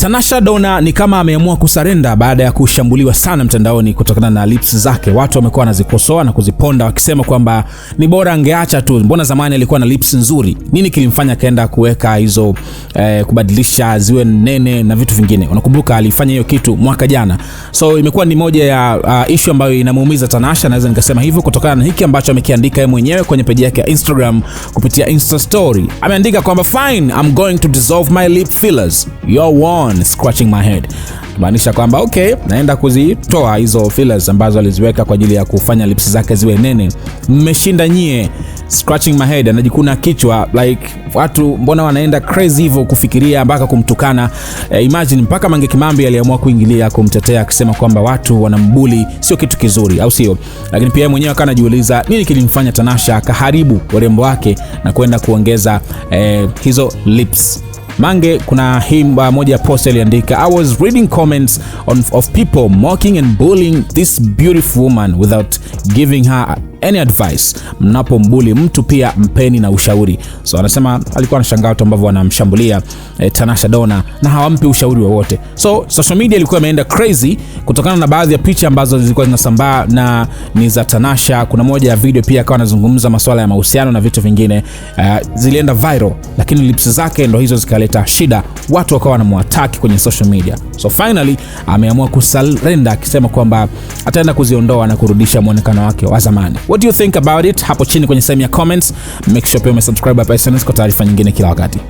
Tanasha Dona ni kama ameamua kusarenda baada ya kushambuliwa sana mtandaoni kutokana na lips zake. Watu wamekuwa wanazikosoa na kuziponda wakisema kwamba ni bora angeacha tu, mbona zamani alikuwa na lips nzuri. Nini kilimfanya akaenda kuweka hizo eh, kubadilisha ziwe nene na vitu vingine? Unakumbuka alifanya hiyo kitu mwaka jana, so imekuwa ni moja ya uh, issue ambayo inamuumiza Tanasha, naweza nikasema hivyo kutokana na hiki ambacho amekiandika yeye mwenyewe kwenye peji yake ya Instagram kupitia Insta story. Ameandika kwamba fine I'm going to dissolve my lip fillers. You're one on scratching my head, maanisha kwamba okay, naenda kuzitoa hizo fillers ambazo aliziweka kwa ajili ya kufanya lips zake ziwe nene. Mmeshinda nyie, scratching my head, anajikuna kichwa like watu mbona wanaenda crazy hivyo kufikiria mpaka kumtukana. E, imagine mpaka Mange Kimambi aliamua kuingilia kumtetea akisema kwamba watu wanambuli, sio kitu kizuri, au sio? Lakini pia mwenyewe akawa anajiuliza nini kilimfanya Tanasha akaharibu urembo wake na kwenda kuongeza e, hizo lips Mange, kuna himba moja post aliandika, I was reading comments on, of people mocking and bullying this beautiful woman without giving her any advice. Mnapombuli mtu pia mpeni na ushauri. So anasema alikuwa anashangaa watu ambao wanamshambulia e, Tanasha Dona na hawampi ushauri wowote. So social media ilikuwa imeenda crazy kutokana na baadhi ya picha ambazo zilikuwa zinasambaa na ni za Tanasha. Kuna moja ya video pia akawa anazungumza masuala ya mahusiano na vitu vingine e, zilienda viral, lakini lips zake ndo hizo zikaleta shida, watu wakawa wanamwataki kwenye social media. So finally ameamua kusurenda akisema kwamba ataenda kuziondoa na kurudisha mwonekano wake wa zamani. What do you think about it? Hapo chini kwenye sehemu ya comments, make sure pia umesubscribe hapa SnS kwa taarifa nyingine kila wakati.